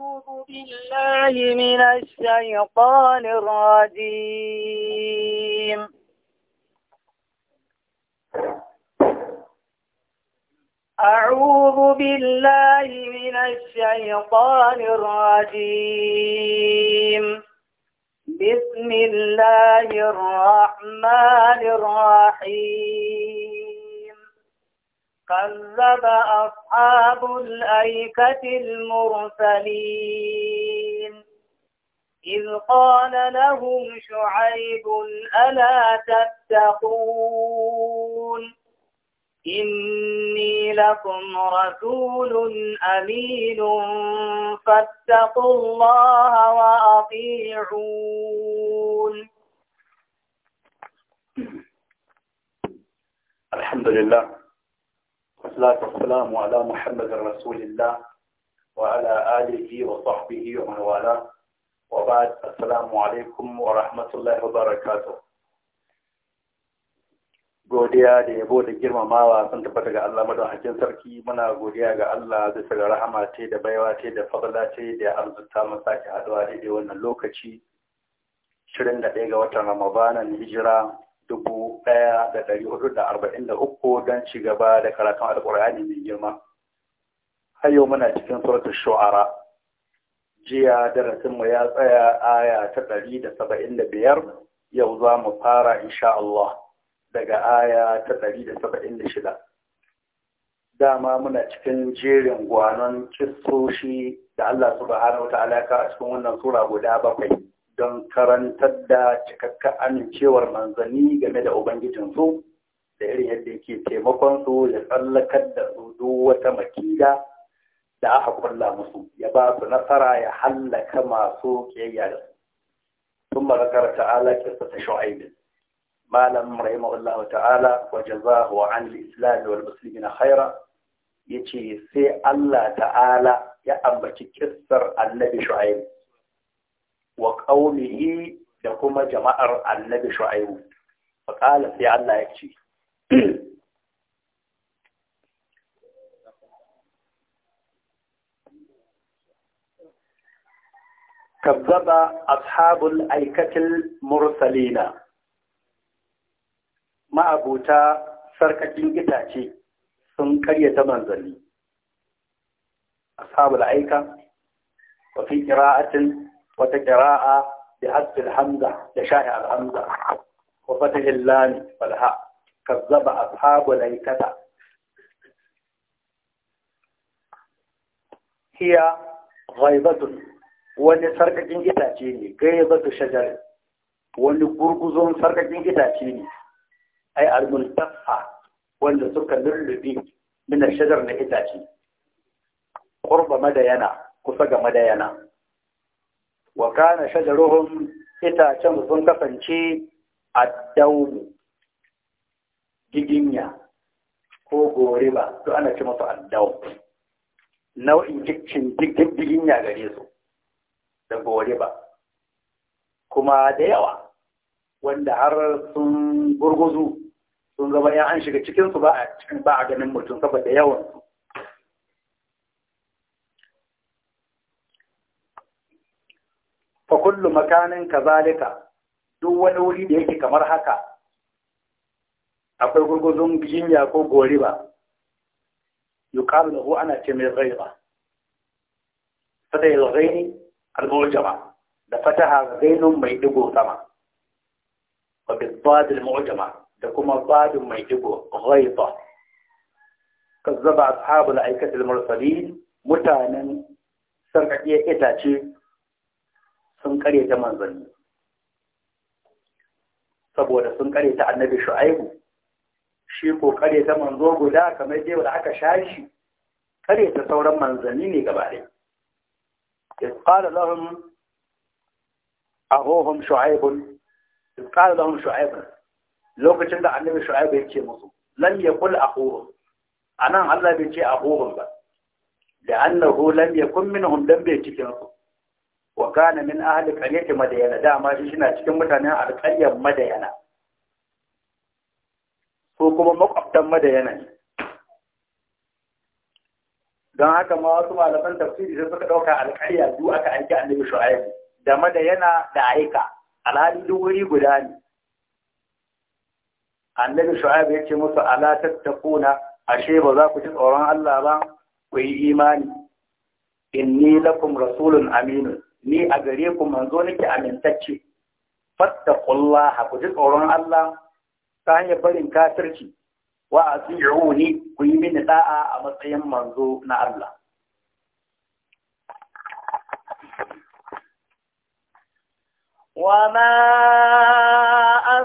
أعوذ بالله من الشيطان الرجيم أعوذ بالله من الشيطان الرجيم بسم الله الرحمن الرحيم كذب أصحاب الأيكة المرسلين إذ قال لهم شعيب ألا تتقون إني لكم رسول أمين فاتقوا الله وأطيعون الحمد لله والصلاة والسلام على محمد رسول الله وعلى آله وصحبه ومن والاه وبعد السلام عليكم wa الله وبركاته godiya da yabo da girmamawa sun tafi daga Allah madaukakin sarki muna godiya ga Allah da ga rahama ce da baiwa ce da fadala ce da arzuta mu sake haduwa daidai wannan lokaci 21 ga watan Ramadana hijira dubu ɗaya da ɗari hudu da arba'in da uku don ci gaba da karatun alƙur'ani mai girma har yau muna cikin suratul shu'ara jiya darasinmu ya tsaya aya ta ɗari da saba'in da biyar yau za mu fara insha Allah daga aya ta ɗari da saba'in da shida dama muna cikin jerin gwanon kistoshi da Allah subhanahu wa ta'ala ka a cikin wannan sura guda bakwai don karantar da cikakken amincewar manzanni game da Ubangijinsu da irin yadda yake taimakonsu ya tsallakar da su duk wata makida da aka kulla musu ya ba su nasara ya hallaka masu kiyayya da su. Sun marakar ta'ala kirsa ta shu'aibin. Malam rahimahullahu ta'ala wa jazahu an al wal muslimin khaira yace sai Allah ta'ala ya ambaci kissar annabi shu'aib wa da kuma jama'ar annabi shu'aibu fa qala sai Allah ya ce كذب أصحاب الأيكة المرسلين ما sarkakin itace sun karyata manzanni ashabul aika wa fi وتقراء بحذف الحمزة يشاهي الحمزة وفتح اللام والهاء كذب أصحاب الأيكة هي غيظة ونسرق جنجتا جيني غيظة شجر ونبرقزون سرق جنجتا جيني أي الملتفة ونسرق للذي من الشجر نكتا جيني قرب مدينة كفق مدينة wa kana shajaruhum itacen sun kasance a daumu giginya ko goriba to ana ce musu addau nau'in cikin giginya gare su da goriba kuma da yawa wanda har sun gurguzu sun zama ya an shiga cikinsu ba a ganin mutum saboda yawansu. kullu makanin kazalika duk wani wuri da yake kamar haka akwai gurguzun jinya ko gori goriba kalu lahu ana ce mai ba. fata al rai al mu'jama da fataha ghainun mai digo sama wa bi dad mu'jama da kuma dad mai digo ghaiba kazzaba ashabul aikati al mursalin mutanen sarkakiyar itace sun kare ta manzanni saboda sun kare ta annabi shu'aibu shi ko kare ta manzo guda kamar dai wanda aka shashi kare ta sauran manzanni ne gaba ɗaya إذ قال لهم أخوهم شعيب إذ قال لهم شعيب لو كنت النبي شعيب يتي مصر لم يقل أخوهم أنا الله بيتي wa kana min ahli qaryati madayana dama shi shina cikin mutanen alƙaryar madayana ko kuma makwabtan madayana ne don haka ma wasu malaman tafsiri sai suka ɗauka alƙarya du aka aiki annabi shu'aib da madayana da aika alhali duk wuri guda ne annabi shu'aib ya ce musu ala tattakuna ashe ba za ku ji tsoron Allah ba ku yi imani inni lakum rasulun aminun ni a gare ku manzo nake amintacce fattaqullaha ku ji tsoron Allah ta hanyar barin kafirci wa asi'uni ku yi mini da'a a matsayin manzo na Allah ma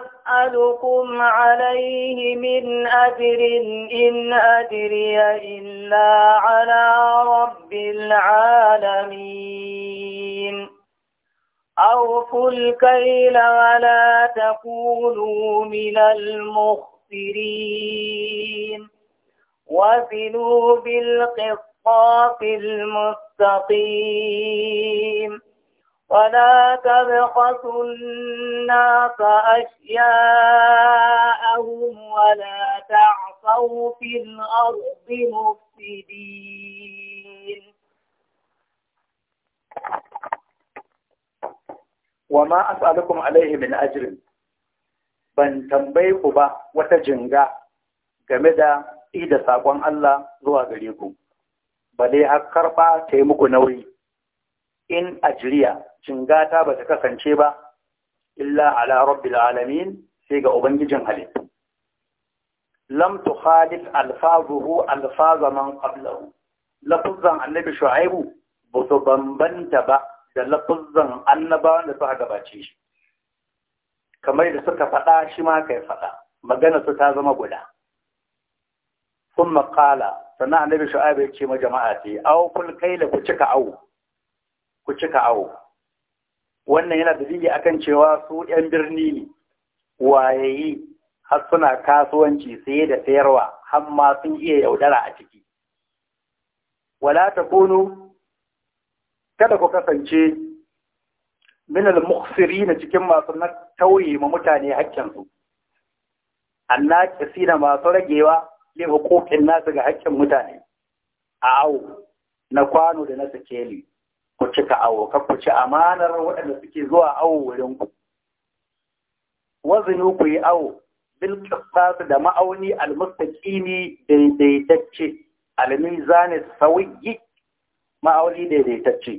أسألكم عليه من أجر إن أجري إلا على رب العالمين أوفوا الكيل ولا تكونوا من المخسرين وزنوا بالقصاص المستقيم ولا تبخسوا الناس أشياءهم ولا تعصوا في الأرض مفسدين وما أسألكم عليه من أجر ban tambaye ku ba wata jinga game da ida saƙon Allah zuwa gare ku, bale har karɓa ta yi muku nauyi in ajiriya cingata ba ta kasance ba illa ala rabbil alamin sai ga ubangijin halittu lam tukhalif alfazuhu alfaza man qablahu annabi shu'aibu ba su bambanta ba da lafuzzan annabawan da suka gabace shi kamar da suka faɗa shi ma kai faɗa magana su ta zama guda sun makala sannan annabi shu'aibu ya ce ma jama'a ce aw kul kaila ku cika awo. ku cika wannan yana dalili akan cewa su 'yan birni ne wayayi har suna kasuwanci saye da sayarwa har ma sun iya yaudara a ciki wala ta takunu kada ku kasance minal na cikin masu na tauye ma mutane haƙƙinsu annaki na masu ragewa li huquqin nasu ga haƙƙin mutane a awu na kwano da na sikeli ku cika awo ka ku ci amanar waɗanda suke zuwa awo wurin ku wazinu ku yi awo bil qisas da ma'auni al mustaqimi daidaitacce al mizan sawiyi ma'auni daidaitacce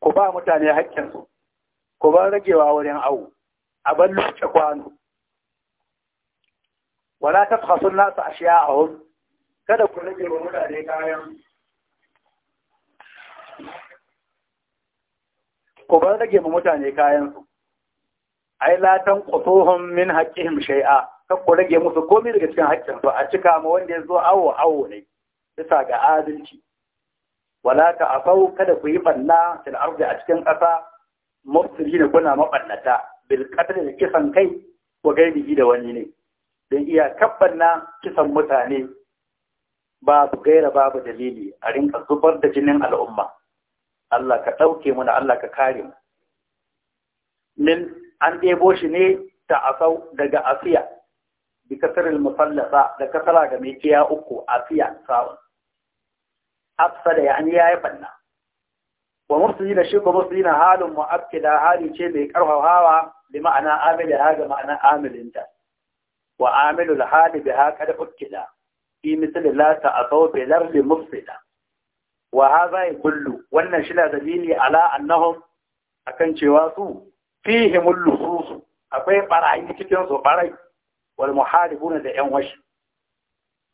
ku ba mutane haƙƙin su ku ba ragewa wurin awo a ban lokaci kwano wala tabkhasu a nas ashya'ahum kada ku rage wa mutane kayan ku bar rage ma mutane kayansu ai latan qutuhum min haqqihim shai'a, kar ku rage musu komai daga cikin haƙƙin a cika ma wanda ya zo awo awo ne bisa ga adalci wala ta afau kada ku yi ɓanna fil ardi a cikin ƙasa ne kuna mabannata bil qatl da kisan kai wa gaibi da wani ne dan iya kabbanna kisan mutane babu gaira babu dalili a rinka zubar da jinin al'umma Allah ka ɗauke mu da Allah ka kare mu min an ɗebo shi ne ta asau daga afiya bi kasaril musallasa da kasara ga mai kiya uku afiya da afsada ya an yayi banna wa mufsidina shi ko mufsidina halun mu'akkida hali ce mai karfafawa da ma'ana ya ga ma'ana amilinta wa amilul hali biha kada ukkida fi misali la ta'asau bi lardi mufsida wa yi kullu wannan shi na dalili ala annahum akan cewa su fihimul lusus akwai barayin cikin su barai wal muharibuna da yan washi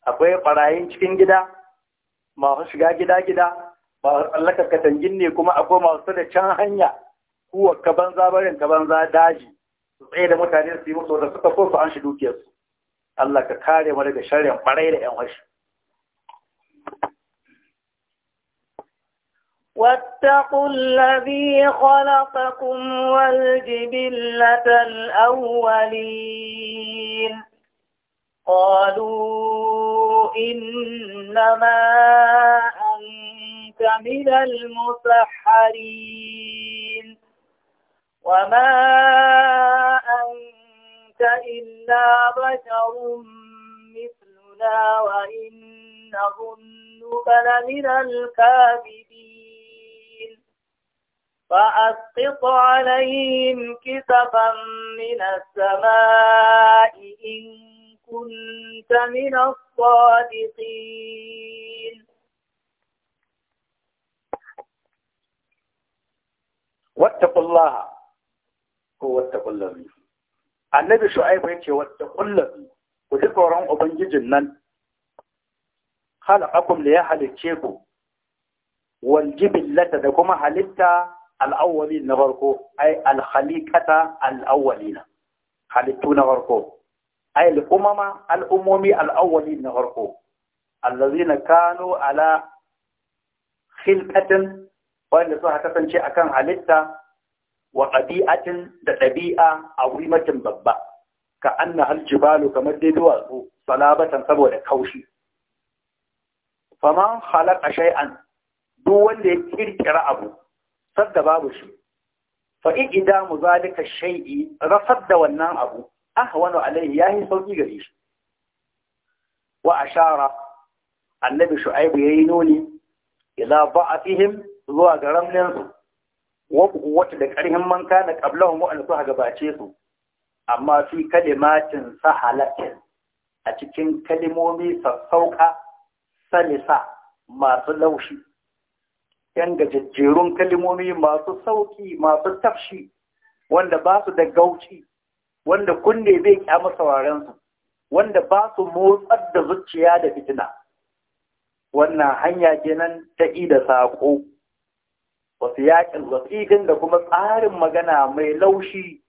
akwai barayin cikin gida masu shiga gida gida masu tsallaka katangin ne kuma akwai masu da can hanya kuwa ka banza barin ka banza daji su tsaye da mutane su yi musu da suka so su an shi dukiyarsu Allah ka kare mu daga sharrin barai da yan washi واتقوا الذي خلقكم والجبلة الأولين قالوا إنما أنت من المسحرين وما أنت إلا بشر مثلنا وإن ظنك لمن الكاذبين فأسقط عليهم كسفا من السماء إن كنت من الصادقين واتقوا الله هو واتقوا الذي النبي شعيب يقول واتقوا الذي وذكرهم أبنججن نن خلقكم ليحلتشيكم والجبلة دكما حلتا al'awwali na farko ai alhalikata al'awwalina halittu na farko ai al'umama al'ummomi al'awwali na farko na kano ala khilqatin wanda suka kasance kan halitta wa ɗabi'atin da ɗabi'a a wurimatin babba ka anna hal jibalu kamar dai duwatsu salabatan saboda kaushi faman halaƙa shai'an duk wanda ya kirkira abu sadda babu shi fa mu zalika shay'i ra da wannan abu ahwanu alayhi yahi sauki gare shi wa ashara annabi shu'aibu yayi nuni ila ba'atihim zuwa ga nan wa quwwata da karhin man kana qablahum wa alsu gabace su amma fi kalimatin sahalatin a cikin kalimomi sassauka salisa masu laushi yan gajejjerun kalimomi masu sauƙi masu tafshi wanda ba su da gauci wanda kunne bai kyama warensu, wanda ba su motsar da zuciya da fitina wannan hanya nan ta da saƙo wasu yaƙin wasiƙin da kuma tsarin magana mai laushi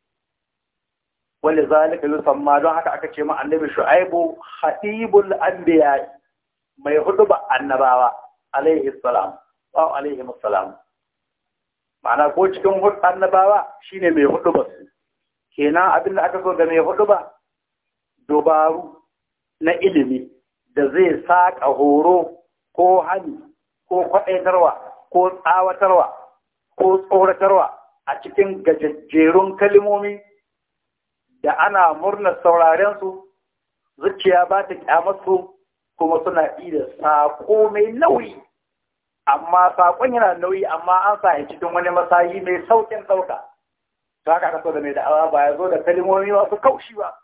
wani zalika samma don haka aka ce ma annabi shu'aibu hadibul anbiya mai hudu ba annabawa alaihi salam sallallahu alaihi wasallam ma'ana ko cikin hudu annabawa shine mai hudu ba su kenan abin da aka so ga mai hudu ba dubaru na ilimi da zai saƙa horo ko hani ko kwaɗaitarwa ko tsawatarwa ko tsoratarwa a cikin gajajjerun kalmomi da ana murnar saurarensu zuciya ba ta kyamatsu kuma suna iya saƙo mai nauyi amma saƙon yana nauyi amma an sa ya cikin wani masayi mai sauƙin sauka Za haka kaso da mai da'awa ba ya zo da kalimomi masu kaushi ba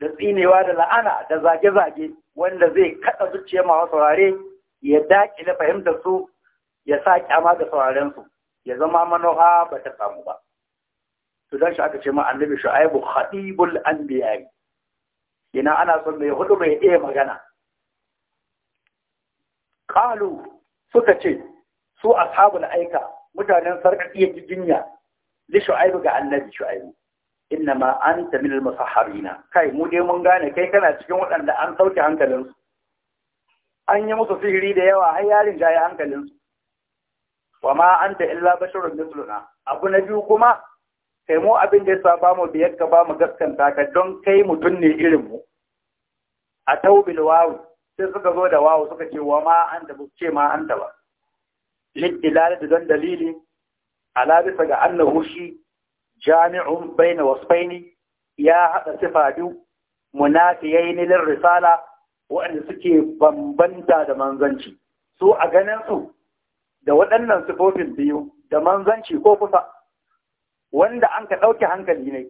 da tsinewa da la'ana da zage-zage wanda zai kaɗa zuciya masu saurare ya daƙi daƙile fahimtar su ya sa kyama ga sauraren su ya zama manoha ba ta samu ba to dan shi aka ce ma annabi shu'aibu khatibul anbiya ina ana son mai hudu mai iya magana Kalu. suka ce su ashabul aika mutanen sarƙaƙiyar jinya li shu'aibu ga annabi shu'aibu inna ma anta min al-musahharina kai mu dai mun gane kai kana cikin waɗanda an sauke hankalinsu an yi musu sihiri da yawa har yarin jaye hankalinsu wa ma anta illa basharun misluna abu na biyu kuma kai mu abin da yasa ba mu biyar ka ba mu gaskanta ka don kai mutum ne irin mu a taubil wawu sai suka zo da wawo suka ce wa ma an da ce ma an da ba lidilala da don dalili ala bisa ga annahu shi jami'un baina wasfaini ya hada sifa biyu munafiyaini risala waɗanda suke bambanta da manzanci su a ganin su da waɗannan sifofin biyu da manzanci ko kusa wanda an ka ɗauke hankali ne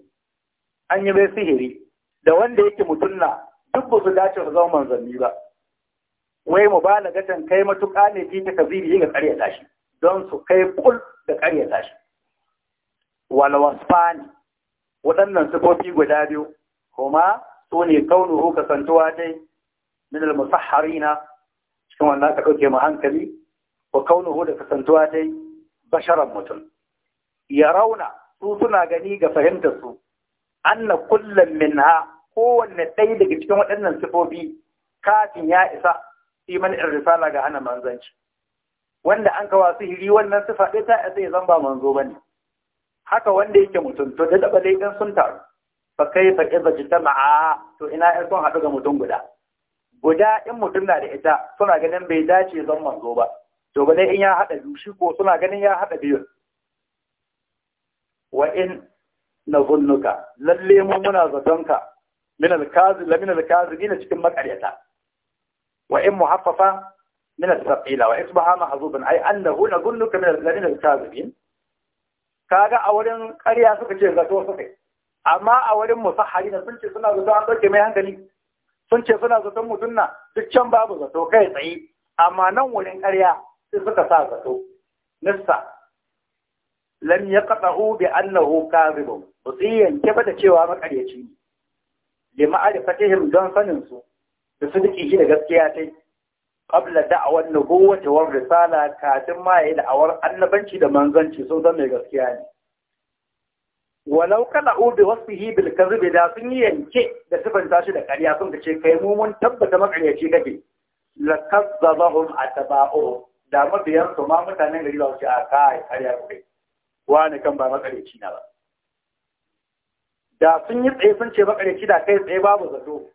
an yi mai sihiri da wanda yake mutunna duk ba su dace su zama manzanni ba wai mu ba gatan kai matuƙa ne fi ta kaziri ga ƙarya tashi don su kai kul da ƙarya tashi wal wasfani waɗannan sifofi guda biyu kuma su ne kaunuhu kasantuwa dai min al cikin wannan ka ɗauke mu hankali wa kaunuhu da kasantuwa dai basharan mutum ya rauna su suna gani ga fahimtar su anna kullum minha kowanne ɗaya daga cikin waɗannan sifofi kafin ya isa fi man irrisala ga hana manzanci wanda an kawa hiri wannan su ɗaya ta yasa ya zamba manzo bane haka wanda yake mutum to da daba dai sun taru fa kaifa idza jitama'a to ina in sun haɗu ga mutum guda guda in mutum na da ita suna ganin bai dace zan manzo ba to ba dai in ya haɗa biyu shi ko suna ganin ya haɗa biyu wa in na zunnuka lalle mu muna zatonka min alkazi la min alkazi cikin makaryata وإن محففة من الثقيلة وإصبح محظوظا أي أنه نظنك من الذين الكاذبين kaga a wurin ƙarya suka ce zato suka amma a wurin musahari na sun ce suna zato an mai hankali sun ce suna zaton mutum na duk can babu zato kai tsaye amma nan wurin karya sai suka sa zato nissa lam yaqta'u bi annahu kadhibun ba su yanke ba da cewa makaryaci ne li ma'rifatihim don sanin su da sadiki shi da gaskiya ta yi qabla da'awar nubuwwati wani risala kafin ma yi da'awar annabanci da manzanci sun zan mai gaskiya ne walau kana wasu wasfihi bil zube da sun yi yanke da sifanta shi da ƙarya sun ce kai mu mun tabbata makaryaci kake hun a taba'o da mabiyan su ma mutanen gari ba su a kai ƙarya kai wani kan ba makaryaci na ba da sun yi tsaye sun ce makaryaci da kai tsaye babu zato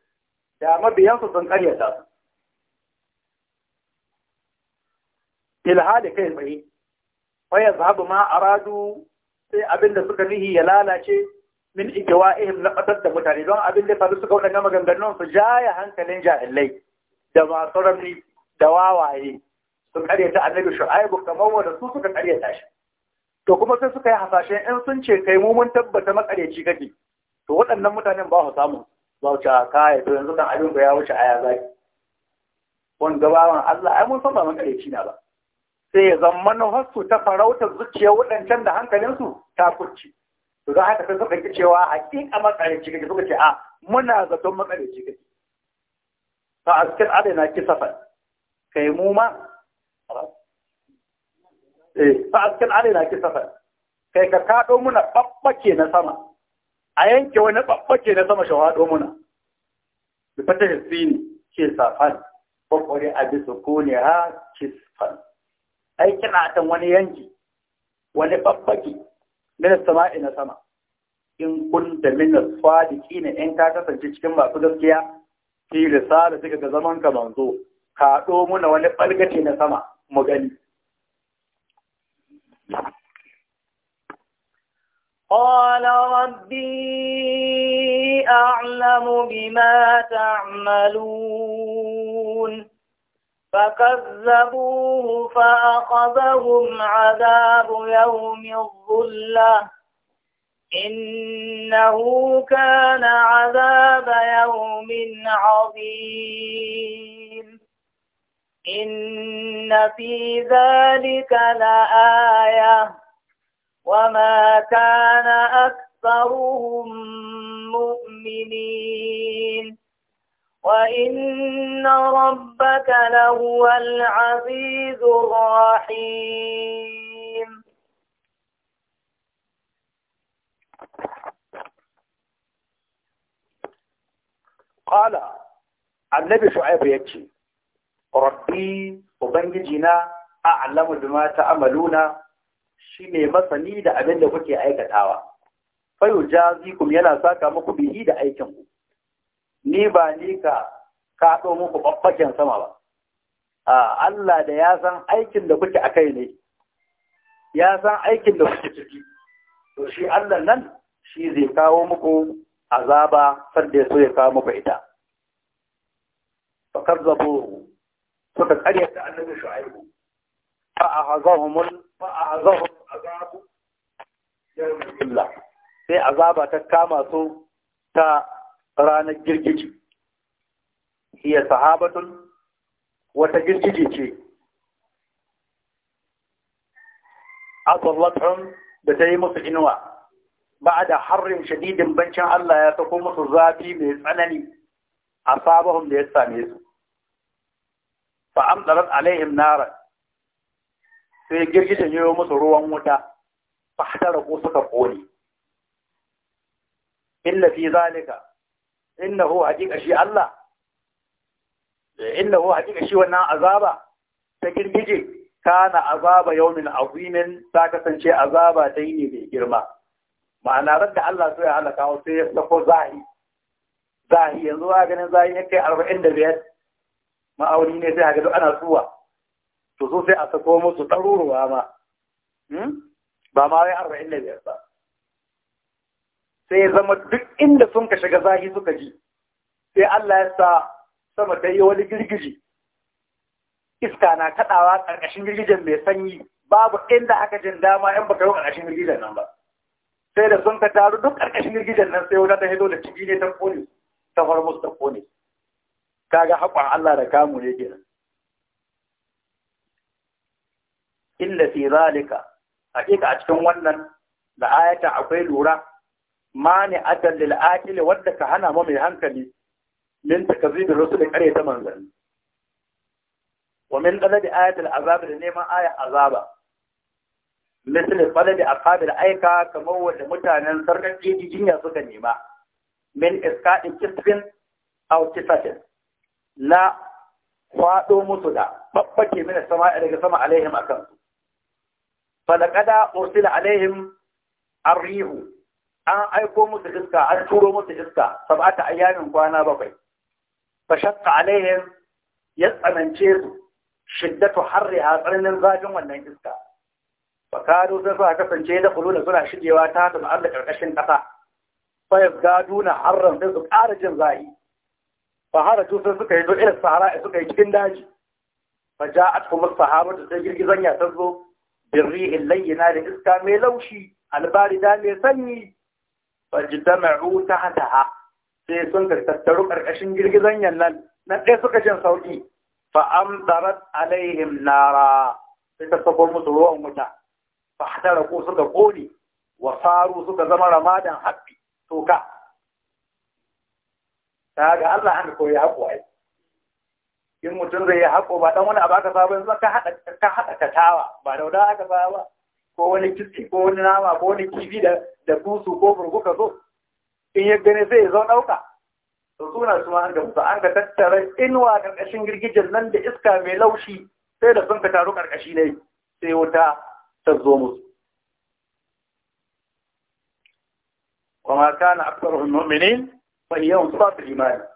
da mabiyansu sun karyata su ilhali kai tsaye waya zahabu ma aradu sai abin da suka nihi ya lalace min ikiwa ihim na ɓatar da mutane don abin da faru suka waɗanda maganganun su jaya hankalin jahilai da masu ramni da wawaye su karyata annabi shu'aibu kamar wanda su suka karyata shi to kuma sai suka yi hasashen in sun ce kai mu mun tabbata makareci kake to waɗannan mutanen ba su samu bauta ya to yanzu kan abin ya wuce aya zaki wani gabawan Allah ai mun san ba shi na ba sai ya zama manufarsu ta farauta zuciya wadancan da hankalinsu ta kurci to za haka sai suka yi cewa hakika makareci kake suka ce a muna zaton makareci kake fa askir alaina kisafan kai mu ma eh fa askir na kisafan kai ka kado muna ke na sama a yanke wani ɓaɓɓake na sama shawaɗo muna bi fata da sini ke safan ƙwaƙwari a bisa ko ne ha ke safan ai kina tan wani yanki wani ɓaɓɓake na sama na sama in kun da min sadiki ne in ka kasance cikin masu gaskiya ki risala suka ga zaman ka manzo ka ɗo muna wani ɓalgace na sama mu gani قال ربي أعلم بما تعملون فكذبوه فأخذهم عذاب يوم الظلة إنه كان عذاب يوم عظيم إن في ذلك لآية وما كان أكثرهم مؤمنين وإن ربك لهو العزيز الرحيم قال النبي شعيب يبكي ربي وبنجينا أعلم بما تعملون shi ne masani da abin da kuke aikatawa fayu jazikum yana saka muku bihi da aikin ku ni ba ni ka kaɗo muku ɓaɓɓaken sama ba a Allah da ya san aikin da kuke akai ne ya san aikin da kuke ciki to shi Allah nan shi zai kawo muku azaba sanda ya so ya kawo muku ita zabo suka karyata annabi shu'aibu fa ahazahum fa ahazahum Allah sai azaba ta kama su ta ranar girgiji hiya sahabatun wata girgije ce asallatun da ta yi musu inuwa ba da harin shadidin bancin Allah ya sako musu zafi mai tsanani a sabahun da ya same su fa amdarat alaihim nara sai girgijen yi musu ruwan wuta fahtaraku suka kone illa fi zalika innahu haqiqa shi Allah innahu haqiqa shi wannan azaba ta girgije kana azaba yawmin azimin ta kasance azaba ta yi ne mai girma ma'ana radda Allah sai ya halaka sai ya sako zahi zahi yanzu a ganin zahi ya kai arba'in da biyar ma'auni ne sai a gado ana suwa. to so sai a sako musu ɗaruruwa ma ba ma wai arba'in da biyar ba sai ya zama duk inda sun ka shiga zahi suka ji sai Allah ya sa sama ta yi wani girgiji iska na kaɗawa ƙarƙashin girgijen mai sanyi babu inda aka jin dama in baka yi ƙarƙashin girgijen nan ba sai da sun ka taru duk ƙarƙashin girgijen nan sai wata ta hito da ciki ne ta kone ta hormus ta kone kaga haƙon Allah da kamu ne kenan inda fi zalika hakika a cikin wannan da ayata akwai lura mani adal lil aqil wanda ka hana mu mai hankali min takzibir rusul kare ta manzanni wa min qalad ayatil azab da neman aya azaba misal qalad al aika kamar wanda mutanen sarkan jinya suka nema min iska'in kisfin aw kisatin la kwado musu da babbake mina sama'a daga sama alaihim akan su falakada ursila alaihim arrihu an aiko musu iska an turo musu iska sab'ata ayyamin kwana bakwai fa shaqqa alaihim ya tsanance su shiddatu harriha tsananin zafin wannan iska fa suka kasance da kuluna suna shigewa ta ta da karkashin kasa fa yazdaduna harran sai su ƙara jin zahi fa haratu suka yi zo irin sahara suka yi cikin daji fa ja'at kuma sahara da sai girgizan ya ta illai layyana da iska mai laushi albarida mai sanyi fajtama'u ha. sai sun tattaru ƙarƙashin girgizan yannan nan ɗaya suka jin sauki fa amtarat alaihim nara sai ta sako musu ruwan wuta a tara ko suka kone wa faru suka zama ramadan habbi toka ta ga Allah an koyi haƙoƙi in mutum zai yi haƙo ba dan wani abu aka saba yanzu ka haɗa ka haɗa katawa ba aka ba ko wani kirki ko wani nama ko wani kifi da da ko burgu ka zo in ya gane zai ya zo ɗauka to suna su an ga musu an ga tattara inuwa ƙarƙashin girgijen nan da iska mai laushi sai da sun ka taru ƙarƙashi ne sai wuta ta zo musu وما كان أكثرهم مؤمنين yawan انصاف الإيمان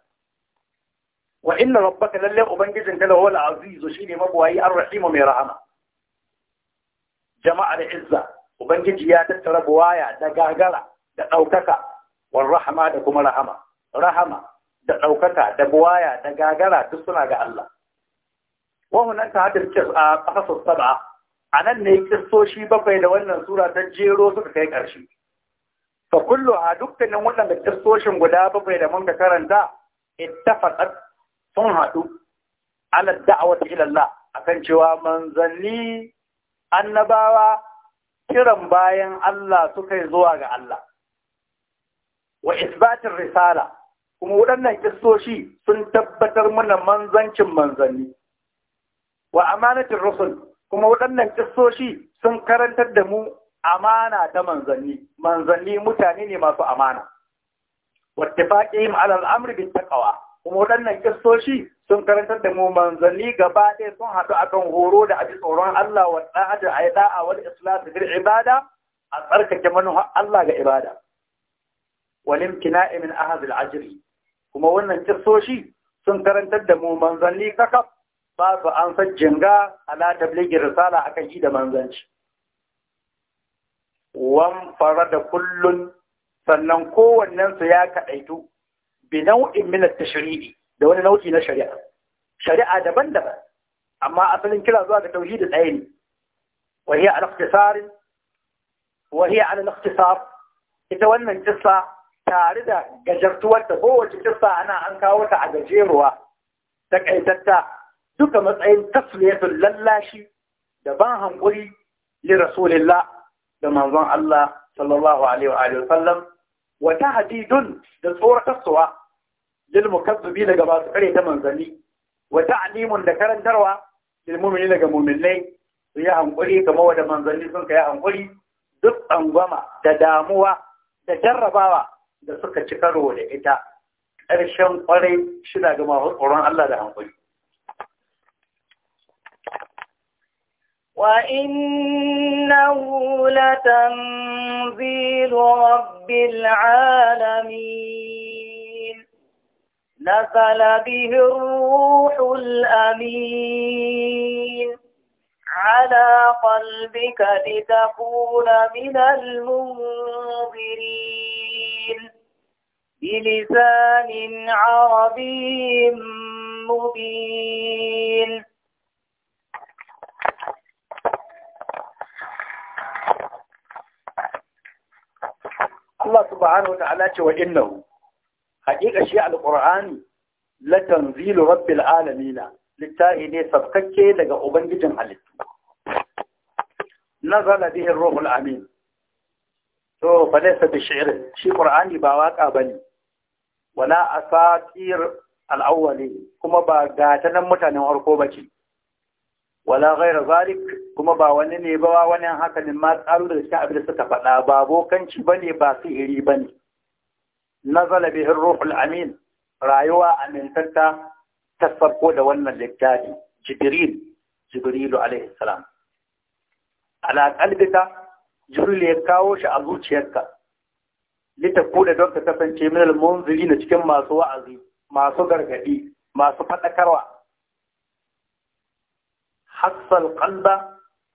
wa inna rabbaka lalle ubangijin ka lahu al-azizu shine mabwayi ar-rahim mai rahama da izza ubangiji ya tattara buwaya da gagara da daukaka war rahama da kuma rahama rahama da daukaka da buwaya da gagara duk suna ga Allah wa hunaka hadal kis a qasasus sab'a anan ne kissoshi bakwai da wannan sura ta jero suka kai karshe fa kullu ha dukkanin waɗanda kissoshin guda bakwai da mun ka karanta ittafaqat sun haɗu ala da'awati ilalla, a kan cewa manzanni annabawa kiran bayan Allah suka yi zuwa ga Allah wa isbatin risala kuma waɗannan kistoshi sun tabbatar mana manzancin manzanni wa amanatin rusul kuma waɗannan kistoshi sun karantar da mu amana ta manzanni manzanni mutane ne masu amana wattafaƙihim ala amri bin taqwa kuma waɗannan kistoci sun karantar da mu manzanni gaba ɗaya sun haɗu a kan horo da aji tsoron Allah wa ɗa'ada a yi ɗa'a wani islamu ibada a tsarkake manufa Allah ga ibada walin kina'i min ahadil ajiri kuma wannan kistoci sun karantar da mu manzanni kakaf su an san jinga ala tablighi risala kan yi da manzanci wan fara da kullun sannan kowannensu ya kaɗaitu bi nau'in min at-tashri'i da wani na shari'a shari'a daban-daban amma asalin kiran zuwa ga tauhidi da ne wa hiya al-ikhtisar wa hiya al-ikhtisar ita wannan kissa tare da gajartuwarta kowace kissa ana an kawo ta a gajeruwa ta kaitatta duka matsayin tasliyatul lallashi da ban hankuri li rasulillah da manzon Allah sallallahu alaihi wa sallam Wata hadidun da tsoratarwa lil mukazzibina ga masu karya ta manzani. Wata alimun da karantarwa lil daga ga mu'minai su yi hankuri kamar wanda manzanni sun kai hankuri duk angwama da damuwa da jarrabawa da suka ci karo da ita ƙarshen kwarai shida ga masu tsoron Allah da hankuri وإنه لتنزيل رب العالمين نزل به الروح الأمين على قلبك لتكون من المنذرين بلسان عربي مبين Allah subhanahu wa ta'ala ce wa innahu haƙiƙa shi alqur'ani la tanzilu rabbil alamin littahi ne sabkakke daga ubangijin halittu nazala bihi ruhul amin to fa laysa bi shi'r shi qur'ani ba waka bane wala asatir al-awwalin kuma ba gatanan mutanen harko bace wala ghaira zalik kuma ba wani ne ba wani haka ne ma tsaro da cikin abin da suka faɗa ba bokanci bane ba sihiri bane nazala bihi ruhul amin rayuwa amintatta ta farko da wannan littafi jibril jibril alaihi salam ala qalbika jibril ya kawo shi a zuciyarka litakuna don ka kasance min al-munziri na cikin masu wa'azi masu gargadi masu faɗakarwa hasal kalba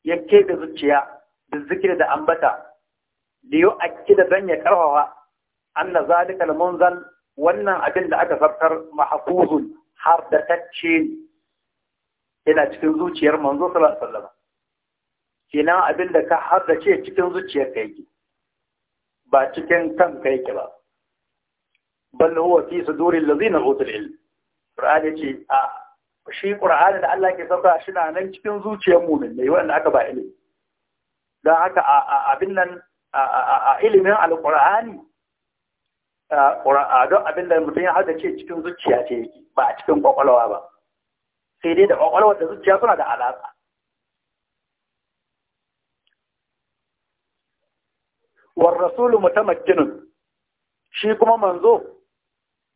ya keɓe zuciya da zikir da ambata da yau da don ya karfafa anna zalika al-munzal wannan abin da aka farkar mahakuzun har da tacce yana cikin zuciyar manzo sallallahu alaihi wasallam kenan abin da ka har da ce cikin zuciyar ka yake ba cikin kan ka yake ba bal huwa fi suduril ladina utul ilm qur'ani ce a shi ƙur'ani da Allah ke sauka shi na nan cikin zuciyar muminai wanda aka ba ilimi don haka abin nan a ilimin alƙur'ani don abin da mutum ya ce cikin zuciya ce ba a cikin ƙwaƙwalwa ba sai dai da ƙwaƙwalwa da zuciya suna da alaƙa war rasulu mutamakkinun shi kuma manzo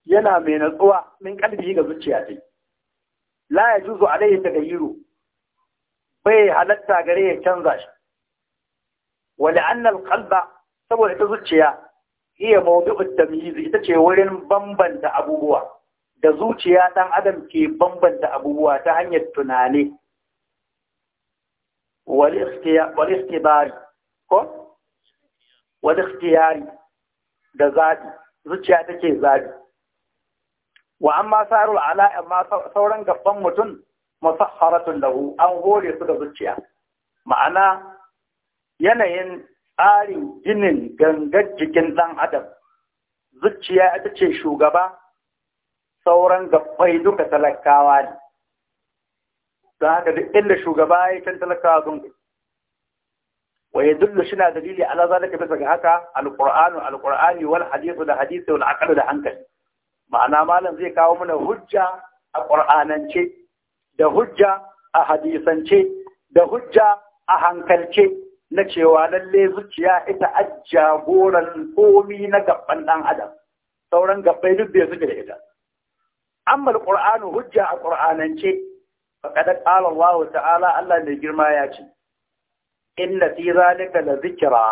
yana mai natsuwa min kalbi ga zuciya ce la ya juzu ga tagayyuru bai halatta gare ya canza shi wa la'anna kalba saboda ita zuciya iya mawdu'ut tamyiz ita ce wurin bambanta abubuwa da zuciya dan adam ke bambanta abubuwa ta hanyar tunani wal da zabi zuciya take zabi wa amma sarul ala amma sauran gaban mutum musahharatun lahu an hore su da zuciya ma'ana yanayin tsarin jinin gangar jikin ɗan adam zuciya ita ce shugaba sauran gabbai duka talakawa ne don haka duk inda shugaba ya can talakawa sun wa ya dullu shina dalili ala zalika bisa ga haka alqur'anu alqur'ani wal hadithu da hadisu wal aqlu da hankali ma'ana malam zai kawo mana hujja a ƙur'anance da hujja a hadisance da hujja a hankalce na cewa lalle zuciya ita ajjagoran komi na gaban ɗan adam sauran gabbai duk bai zuke da ita amma alqur'anu hujja a qur'anance faqad qala Allah ta'ala Allah mai girma ya ce inna fi zalika la zikra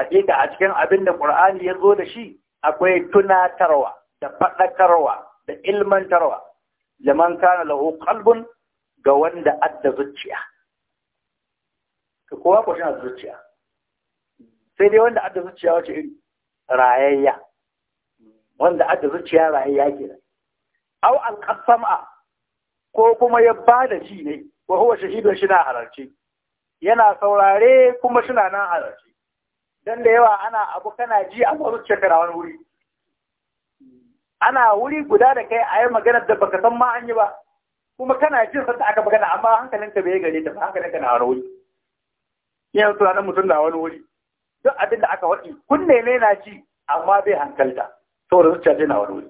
hakika a cikin abin da ƙur'ani ya zo da shi akwai tunatarwa da faɗakarwa da ilmantarwa liman kana lahu qalbun ga wanda adda zuciya kowa ko tana zuciya sai dai wanda adda zuciya wace iri rayayya wanda adda zuciya rayayya ke nan aw qasama ko kuma ya bada shi ne wa huwa shahidun shi na halarci yana saurare kuma shi na nan halarci dan da yawa ana abu kana ji a zuciya kana wani wuri ana wuri guda da kai a yi maganar da baka san ma an yi ba kuma kana jin sa aka magana amma hankalinka bai gare ta ba hankalinka na rauni yau tunanin mutum na wani wuri duk abin da aka waɗi kunne ne na ji amma bai hankalta saboda zuciya ce na wani wuri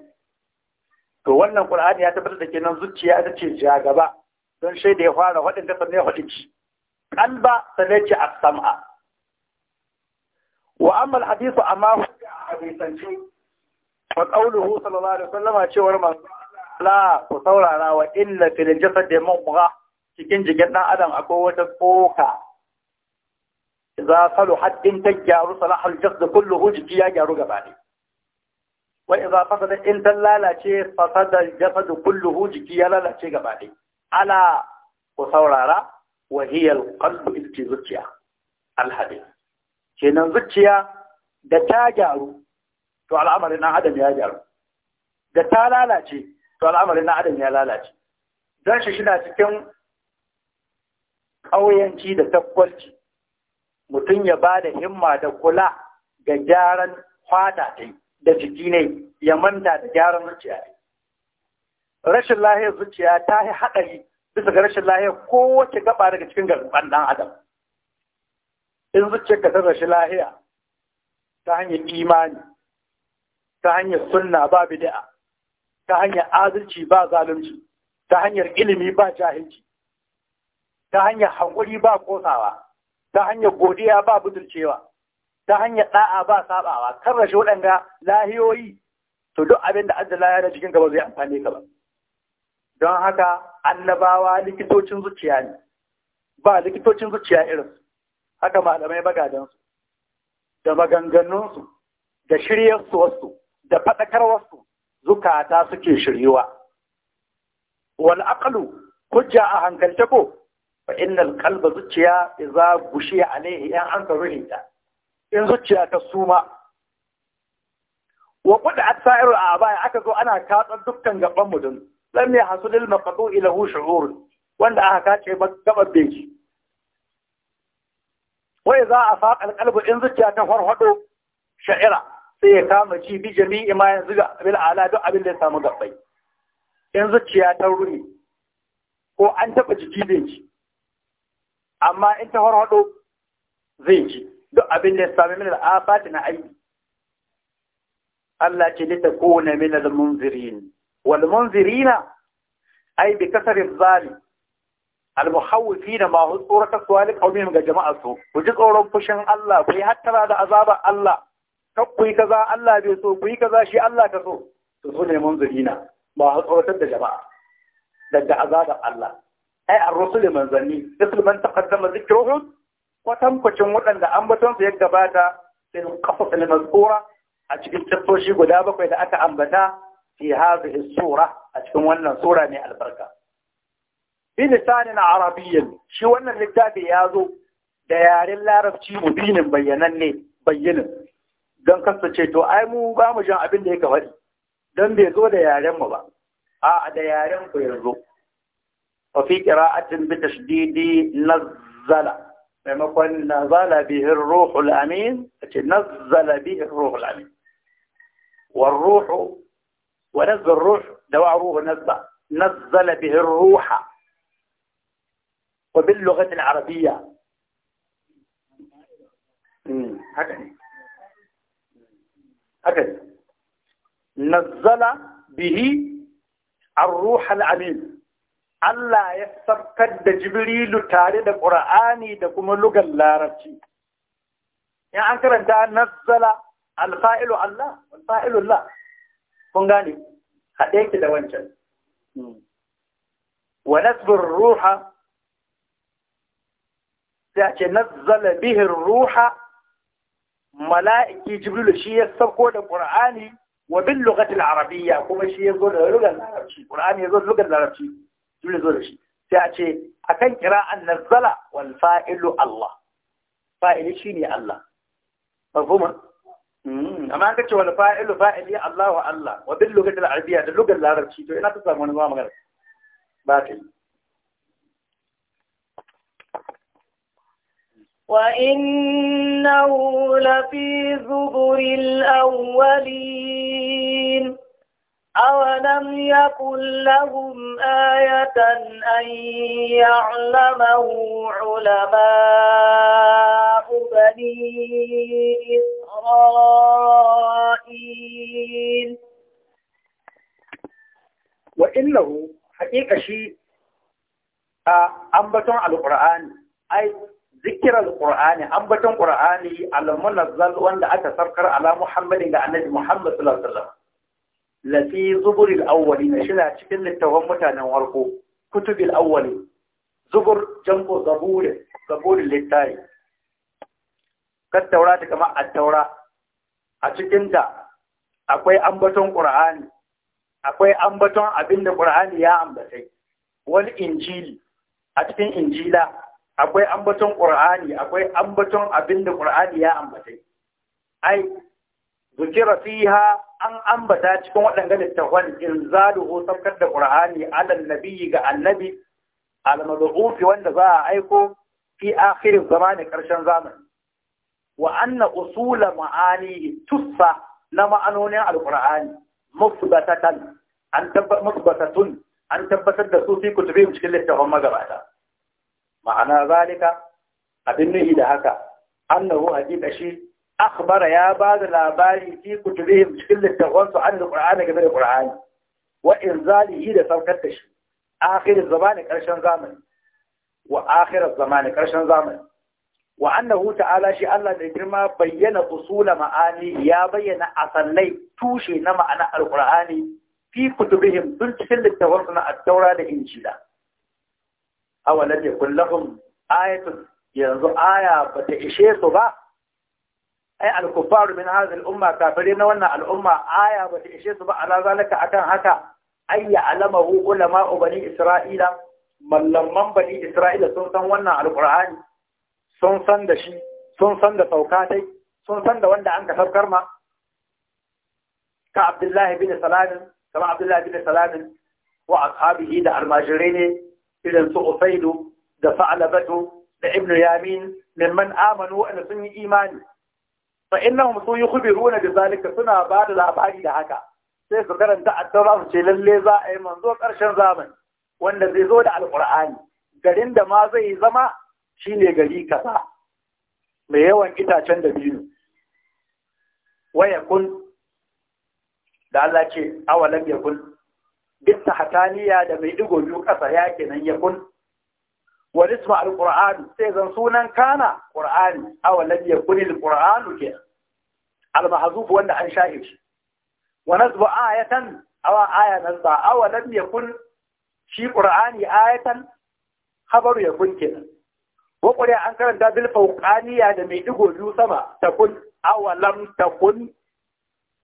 to wannan qur'ani ya tabbatar da kenan zuciya ita ce ja gaba don shaida ya fara waɗin da sannan ya waɗin ci kalba sannan ce as-sam'a wa amma al-hadithu amma hujja a فقوله صلى الله عليه وسلم cewar man "Allah ku saurara wa inna fil jasad mubgha cikin jikin dan adam akwai wata tsoka idza saluhat in ta gyaru salahal jasad kulluhu jiki ya gyaru gaba ne wa idza fasada in ta lalace fasada al jasad kulluhu jiki ya lalace gaba ne ala ku saurara wa hiya al zuciya al hadith kenan zuciya da ta gyaru to al'amarin nan adam ya gyaru da ta lalace to al'amarin na adam ya lalace don shi shina cikin ƙauyenci da tabbaci mutum ya ba da himma da kula ga gyaran fata ta yi, da jiki ne ya manta da gyaran zuciya rashin lahiyar zuciya ta yi haɗari bisa ga rashin lahiyar kowace gaba daga cikin garban ɗan adam in zuciyar ka ta rashin lahiya ta hanyar imani ta hanyar sunna ba bida'a, ta hanyar azurci ba zalunci ta hanyar ilimi ba jahilci ta hanyar hankuri ba kosawa ta hanyar godiya ba budurcewa ta hanyar da'a ba sabawa kan rashe lahiyoyi to duk abin da Allah ya da cikin gaba zai amfane ka ba don haka annabawa likitocin zuciya ne ba likitocin zuciya irin haka malamai bagadansu da maganganunsu da shiryarsu wasu da faɗakarwarsu zukata suke shiryuwa wal aqlu hujja a hankalce ko fa innal qalba zuciya idza gushiya alaihi an an ruhi in zuciya ta suma wa qad asairu a baya aka zo ana katsar dukkan gaban mutum lam yahsulil ila lahu shu'ur wanda aka kace gaban beki wai za a faƙa alƙalbu in zuciya ta farfaɗo sha'ira sai ya kama ci bi jami'i ma yanzu ga bil ala duk abin da ya samu gabbai in zuciya ta rumi ko an taba jiki bai ci amma in ta harhaɗo zai ci duk abin da ya sami min al'afati na aiki Allah ce lita kone min al-munzirin wal munzirina ai bi kasar zali al-muhawifina ma hu tsoratar suwa li qaumihim ga jama'a su ku ji tsoron fushin Allah ku yi hattara da azaba Allah kar ku yi kaza Allah bai so ku yi kaza shi Allah ka so to su ne munzurina ba tsoratar da jama'a daga azabar Allah ai ar-rusul manzanni isl man taqaddama zikruhum kwatankwacin waɗanda ambaton su ya gabata fil kafa al tsora a cikin tattoshi guda bakwai da aka ambata fi hadhihi sura a cikin wannan sura mai albarka bi lisanin arabiyyin shi wannan littafi ya zo da yaren larabci mubinin bayyananne bayyinin don kasance to ai mu ba mu jan abin da yake faɗi don bai zo da yaren mu ba a da yaren ku yanzu wa fi qira'atin bi tashdidi nazzala maimakon nazala bihi ruhul amin ce nazzala bihi ruhul amin wa wa ruhu والروح ونزل الروح دواء روح نزل نزل به الروح وباللغة العربية هكذا haka ne nazzala bihi ar-ruhul amin Allah ya sabkar da Jibrilu tare da Qur'ani da kuma lugar Larabci in an karanta nazzala al Allah wal Allah kun gane haɗe ki da wancan wa nasbur ruha sai a ce nazzala bihi ruha mala'iki jibril shi ya sauko da qur'ani wa bil lughati al arabiyya kuma shi ya zo da lugar larabci qur'ani ya zo da lugar larabci jibril zo da shi sai a ce akan qira'an nazzala wal fa'ilu Allah fa'ili shine Allah mafhuma hmm. amma an kace wal fa'ilu fa'ili Allah wa Allah wa bil lughati al arabiyya da lugar larabci to ina ta samu wani magana ba ta yi وإنه لفي زبر الأولين أولم يكن لهم آية أن يعلمه علماء بني إسرائيل وإنه حقيقة شيء آه، أنبتون على القرآن أي zikirar qur'ani ambaton qur'ani al-munazzal wanda aka sarkar ala muhammadin ga annabi muhammad sallallahu alaihi wasallam lafi zuburil awwalin shi cikin littafin mutanen warko kutubil awwalin zubur jambo zabur zabur littari kan taura ta kama a taura a cikinta akwai ambaton ƙur'ani akwai ambaton abinda ƙur'ani ya ambatai wani injili a cikin injila akwai ambaton ƙur'ani akwai ambaton abinda ƙur'ani ya ambatai ai zukira fiha an ambata cikin waɗannan littafan inzaluhu sabkar da ƙur'ani ala nabiyyi ga annabi al mad'ufi wanda za a aiko fi akhir zamanin karshen zamani wa anna usula ma'ani tussa na ma'anonin alqur'ani mufbatatan an an tabbatar da su fi kutubi cikin littafan magabata ma'ana zalika abin nuhi da haka annahu hakika shi akhbara ya ba da labari fi kutubihim cikin littafansu an alqur'ani game da qur'ani wa inzalihi da saukar da shi akhir zamani karshen zamani wa akhir zamani karshen zamani wa annahu ta'ala shi Allah da girma bayyana usula ma'ani ya bayyana asallai tushe na ma'ana alqur'ani fi kutubihim dun cikin su na at-taura da injila awalan yakun lahum ayatun yanzu aya bata ishe su ba ai al-kuffaru min hadhihi al-umma kafirin na wannan al'umma aya bata ishe su ba ala zalika akan haka ay ya'lamahu ulama bani isra'ila mallaman bani isra'ila sun san wannan al alqur'ani sun san da shi sun san da sauka dai sun san da wanda an ka saukar ma ka abdullahi bin salamin, kama abdullahi bin salamin, wa ashabihi da almajirai ne irin su Usaidu da Sa'labatu da Ibn Yamin mimman amanu wa sun yi imani fa innahum su yukhbiruna bi zalika suna ba da labari da haka sai su karanta attaura su ce lalle za a yi manzo karshen zamani wanda zai zo da alqur'ani garin da ma zai zama shine gari kasa mai yawan itacen da biyu waya kun da Allah ce ya kun. bisa hataniya da mai digo biyu ƙasa ya kenan ya kun wani su al-ƙur'anu sai zan sunan kana ƙur'ani awalan ya kuni al-ƙur'anu ke al-mahazuf wanda an sha'ir shi wa nazbu ayatan awa aya a awalan ya kun shi ƙur'ani ayatan habaru ya kun ke nan. ƙuri'a an karanta bil fauqaniya da mai digo biyu sama ta kun lam ta kun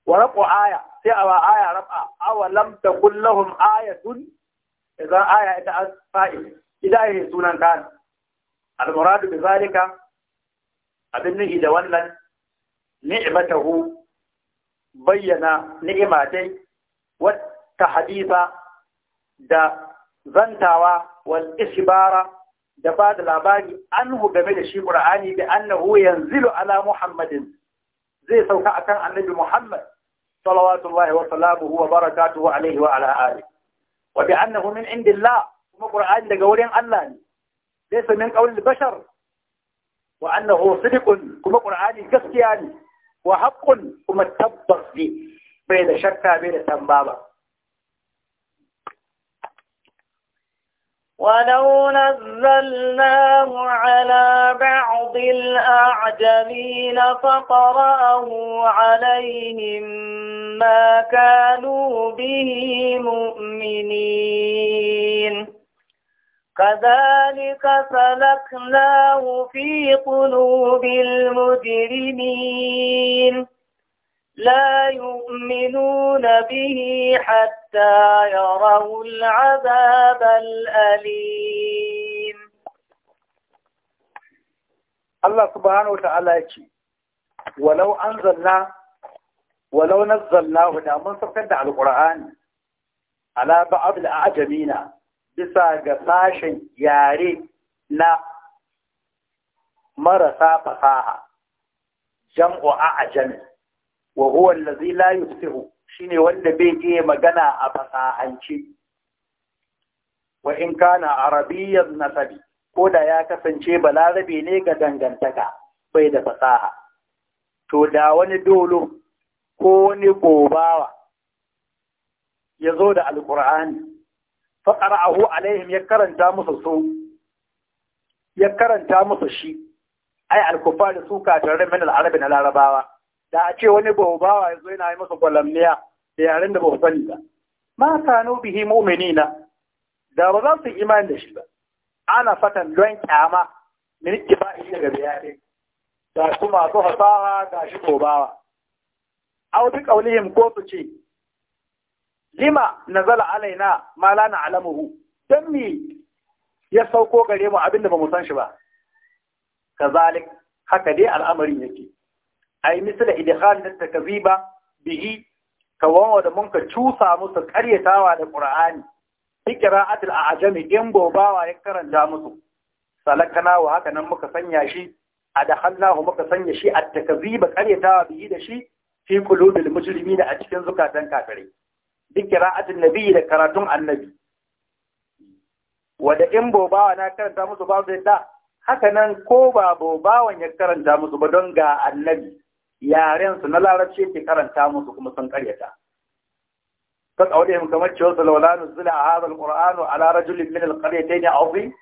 wa raqu aya sai a ba aya rafa aw lam takul lahum ayatun idan aya ita an fa'i ilahi sunan kan al muradu zalika abin nuhi da wannan ni'matahu bayyana ni'ima dai wata hadisa da zantawa wal ishbara da ba da labari an game da shi Qur'ani da annahu yanzilu ala Muhammadin zai sauka a kan Annabi Muhammad صلوات الله وسلامه وبركاته عليه وعلى آله وبأنه من عند الله ثم قرآن لقولين الله ليس من قول البشر وأنه صدق كما قرآن كسياني وحق كما تبص بين شك بين تنبابا ولو نزلناه على بعض الأعجمين فقرأه عليهم ما كانوا به مؤمنين كذلك سلكناه في قلوب المجرمين لا يؤمنون به حتى يروا العذاب الأليم الله سبحانه وتعالى يقول ولو أنزلنا ولو نزلنا هنا من سفكد على القرآن على بعض الأعجمين بسا قصاش ياري نا مرسا قصاها جمع أعجم وهو الذي لا يفسه shine wanda bai iya magana a fasahance wa in kana arabiyyan nasabi ko da ya kasance balarabe ne ga dangantaka bai da fasaha to da wani dolo ko wani gobawa ya zo da alkur'ani faƙara'ahu alaihim ya karanta musu so ya karanta musu shi ai alkufa da su kafirin min al'arabi na larabawa da a ce wani bawa ya zo yana yi masa kwalamniya da yaren da ba sani ba ma kanu bihi mu'minina da ba za su yi imani da shi ba ana fatan don kyama min yi daga bayani da su masu fasaha ga shi bawa A bi qawlihim ko su ce lima zala alaina ma la na'lamuhu dan mi ya sauko gare mu abinda ba mu san shi ba kazalik haka dai al'amarin yake ai misala idhal da takziba bihi kawan da mun ka cusa musu karyatawa da qur'ani fi qira'atil a'jami in bobawa ya karanta musu salakana wa haka nan muka sanya shi adakhalnahu muka sanya shi at takziba karyatawa bihi da shi fi qulubil mujrimina a cikin zukatan kafirai bi qira'atin nabiyyi da karatun annabi wada in bobawa na karanta musu ba su haka nan ko ba bobawan ya karanta musu ba don ga annabi yaren su na larabci yake karanta musu kuma sun karyata ta kaure mu kamar cewa laula a hadha alqur'anu ala rajulin min alqaryatayn azim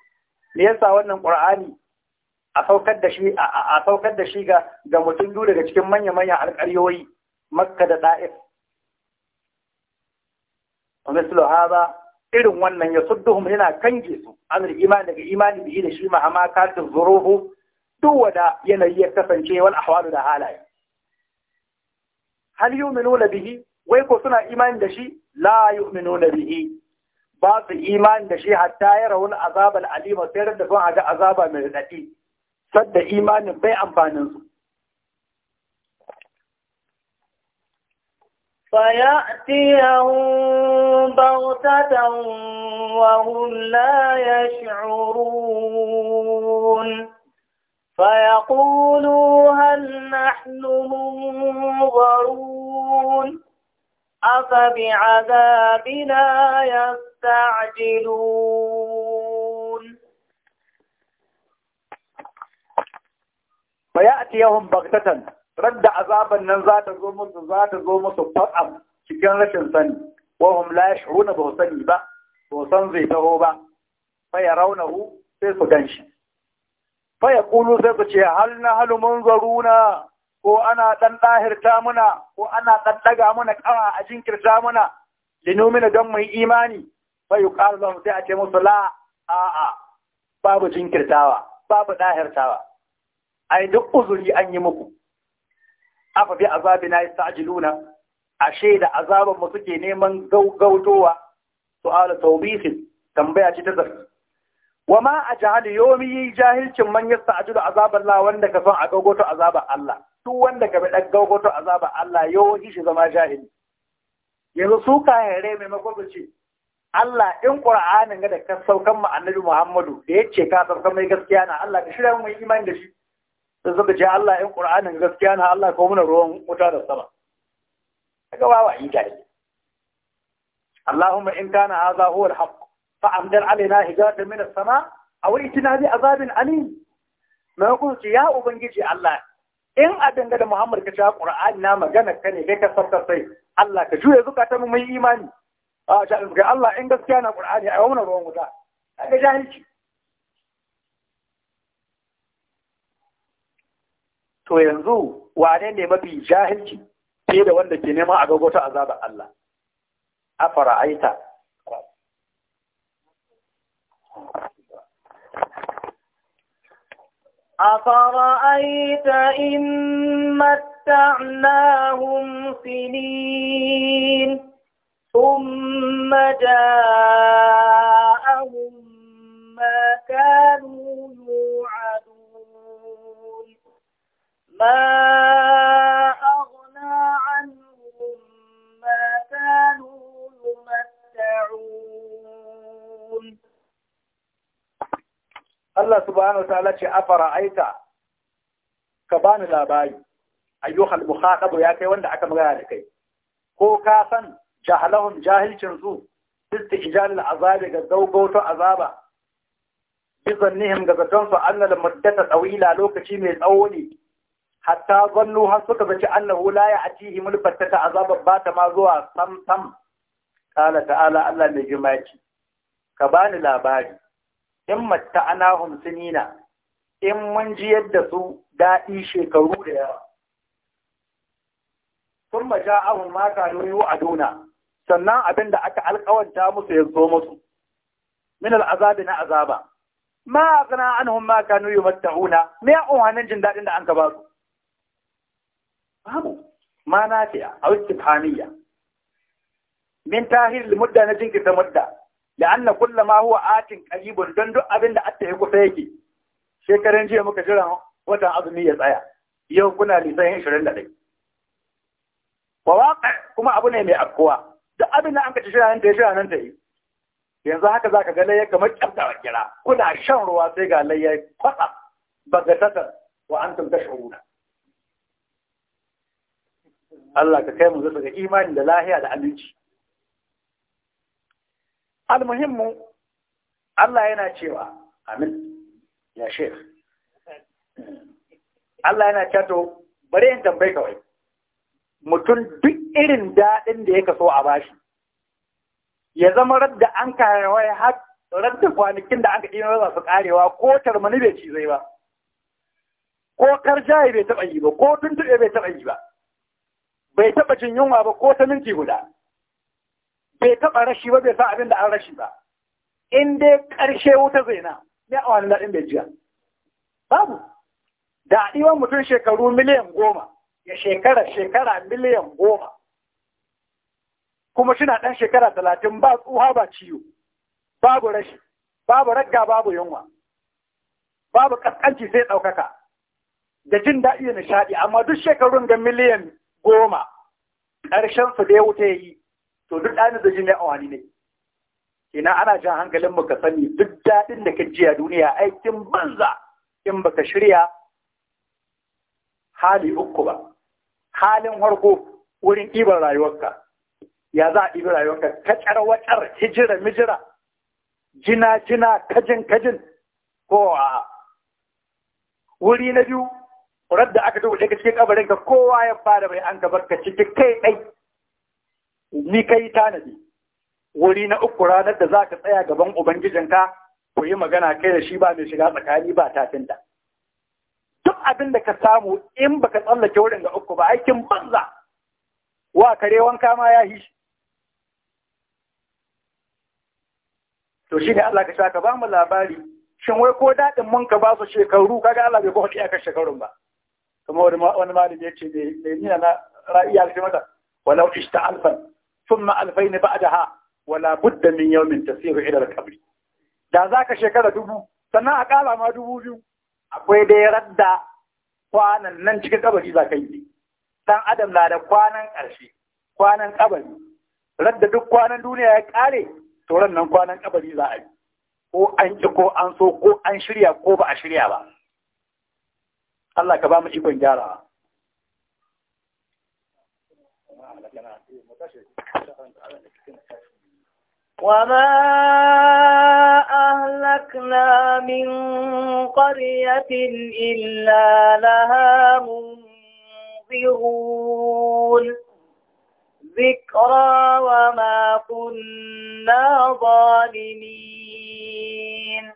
me yasa wannan ƙur'ani a saukar da shi a saukar da shi ga mutum biyu daga cikin manya-manyan alƙaryoyi Makka da Da'if mislu hadha irin wannan ya sudduhum yana kange su an imani daga imani bihi da shi ma amma kafin zuruhu duk wada yanayi ya kasance wani ahwalu da halaye hal yu'minuna bihi wai ko suna imani da shi la yu'minuna bihi ba su imani da shi hatta ya rauni azabal alima sai da sun haga azaba mai daɗi, sadda imanin bai amfanin su فيأتيهم بغتة وهم فيقولوا هل نحن منظرون أفبعذابنا يستعجلون فيأتيهم بغتة رد عذابا نزات زوم نزات زوم سبقا cikin rashin sani wahum la yashuruna ba sani ba ba san zai taro ba fa yarawnahu sai su ganshi fa kulu sai su ce hal na halu mun munzaruna ko ana ɗan ɗahirta muna ko ana ɗan ɗaga muna ƙawa a jinkirta muna linumina don mai imani fa yuqalu zama sai a ce musu la a'a babu jinkirtawa babu ɗahirtawa yi duk uzuri an yi muku afa bi azabina luna. ashe da azabar mu suke neman gaugautowa ala tawbihin tambaya ce ta zargi wa ma a jahali yomi yi jahilcin man sa'adu da azabar la wanda ka son a gaugoto azabar Allah duk wanda ka bi gaugoto azabar Allah yau shi zama jahili yanzu su ka maimakon su ce Allah in Qur'anin ga da ka saukan mu Annabi Muhammadu da ya ce ka saukan mai gaskiya na Allah ka shirya mu imani da shi sai suka ce Allah in Qur'anin gaskiya na Allah ko muna ruwan wuta da sama kaga wawa yi jahili Allahumma in kana haza huwa al-haqq فأمدر علينا حجارة من السماء أو a بعذاب أليم ما يقول يا Ubangiji الله in a da Muhammad ka cewa Qur'ani na magana ka ne kai ka sai Allah ka juya zukata mu mai imani a ta ga Allah in gaskiya na Qur'ani ai wannan ruwan wuta kaga jahilci to yanzu wane ne mafi jahilki fiye da wanda ke neman agogo ta azabar Allah afara أفرأيت إن متعناهم سنين ثم جاءهم ما كانوا يوعدون ما أغنى عنهم ما كانوا يمتعون Allah subhanahu ta'ala ce afara aita ka bani labari ayyuhal mukhatabu ya kai wanda aka magana da kai ko ka san jahalahum jahilcin su ijalil azabi ga to azaba bi zannihim ga zaton su annal muddata tsawila lokaci mai tsawo ne hatta zannu har suka zaci annahu la ya'tihi mulfattata azabar ba ta ma zuwa sam sam qala ta'ala Allah ne jimaci ka bani labari in ana sinina in mun ji yadda su daɗi shekaru da yawa sun maja ahun ma kanu a duna, sannan abin da aka alkawanta musu ya zo musu min al'azabi na azaba ma a hun anhum ma kanu una, me hannun jin daɗin da an ka ba su babu ma na fiya. a wikin hamiya. min tahir al-mudda na jinkirta mudda la'anna kullu ma huwa atin qaribun don duk abin da atta ya kusa yake shekaran jiya muka jira watan azumi ya tsaya yau kuna lisan 21 wa waqa kuma abu ne mai afkuwa duk abin da an kace shira nan da shira nan da yi yanzu haka zaka ga layya kamar kyaftawa kira kuna shan ruwa sai ga layya kwatsa bagatatan wa antum tashuruna Allah ka kai mu zuwa ga imani da lahiya da aminci almuhimmu Allah yana cewa amin ya shek Allah yana cewa bari in tambayi kawai mutum duk irin daɗin da ya kaso a bashi ya zama radda an kayawai har radda kwanakin da aka ɗino za su karewa ko tarmani bai ci zai ba ko karjaye bai taɓa yi ba ko tuntuɓe bai taɓa yi ba bai taɓa jin yunwa ba ko ta minti guda bai taɓa rashi ba bai sa abin da an rashi ba in dai ƙarshe wuta zai na ne a wani daɗin bai jiya babu da ɗiwan mutum shekaru miliyan goma ya shekara shekara miliyan goma kuma suna ɗan shekara talatin ba tsuha ba ciwo babu rashi babu ragga babu yunwa babu ƙasƙanci sai ɗaukaka da jin daɗi da nishaɗi amma duk shekarun ga miliyan goma ƙarshen su dai wuta ya yi to duk ɗani da jin ya awani ne ina ana jan hankalin baka sani duk daɗin da ka jiya duniya aikin banza in baka shirya hali uku ba halin harko wurin ɗiban rayuwarka ya za a ɗibi rayuwarka kacar wacar hijira mijira jina jina kajin kajin ko a wuri na biyu radda aka dubu daga cikin kabarinka kowa ya fara bai an gabar ka ciki kai ɗai ni kai tanadi wuri na uku ranar da za ka tsaya gaban ubangijinka ku yi magana kai da shi ba mai shiga tsakani ba tafinta duk abin da ka samu in baka tsallake wurin da uku ba aikin banza wa kare wanka ma ya hishi to shi ne Allah ka sha ka ba mu labari shin wai ko daɗin mun ka ba su shekaru kaga Allah bai ba wasu kan shekarun ba kamar wani malami ya ce bai nina na ra'ayi alfi mata walau ishta alfan ثم ألفين بعدها ولا بد من يوم تسير إلى القبر da za ka shekara dubu sannan a ƙara ma dubu biyu akwai dai radda kwanan nan cikin kabari za ka yi dan adam na da kwanan ƙarshe kwanan kabari radda duk kwanan duniya ya ƙare to nan kwanan kabari za a yi ko an ƙi ko an so ko an shirya ko ba a shirya ba Allah ka ba mu ikon gyarawa. وما أهلكنا من قرية إلا لها منذرون ذكرى وما كنا ظالمين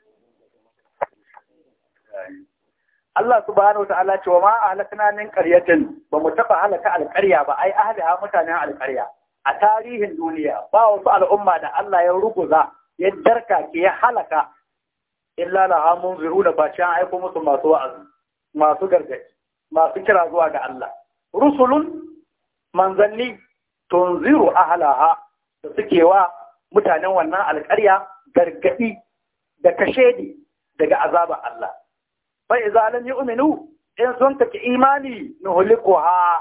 الله سبحانه وتعالى وما أهلكنا من قرية بمتقى أهلك على القرية بأي أهلها متنا على القرية a tarihin duniya ba wasu al'umma da Allah ya ruguza ya darka ke ya halaka illa la hamun ziru da baci an aiko musu masu wa'azi masu gargaɗi masu kira zuwa ga Allah rusulun manzanni tunziru ahlaha da suke wa mutanen wannan alƙarya gargaɗi da kashedi daga azabar Allah fa idza lam yu'minu in sun take imani nuhlikuha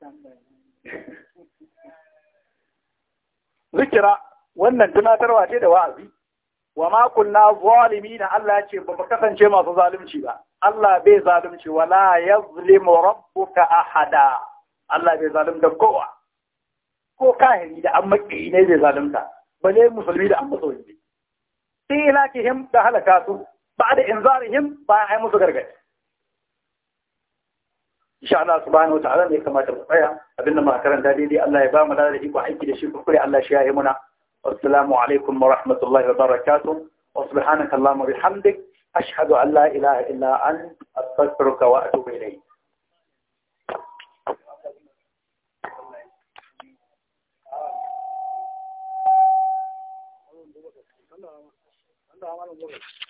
zikira wannan tunatarwa ce da wa'azi wa ma kunna zalimin Allah ya ce ba mu kasance masu zalunci ba Allah bai zalunci wala yazlimu rabbuka ahada Allah bai zalunta kowa ko kahiri da an maki ne bai zalunta bale musulmi da an matsoyi sai ilakihim da halaka su ba da inzarihim ba ai musu gargadi insha Allah subhanahu wa ta'ala ne kamata mu tsaya da muka karanta daidai Allah ya ba mu da iko aiki da shi ku kure Allah shi ya yi muna assalamu alaikum wa rahmatullahi wa barakatuh wa subhanaka allahumma bihamdik ashhadu an la ilaha illa ant astaghfiruka wa atubu ilayk Allah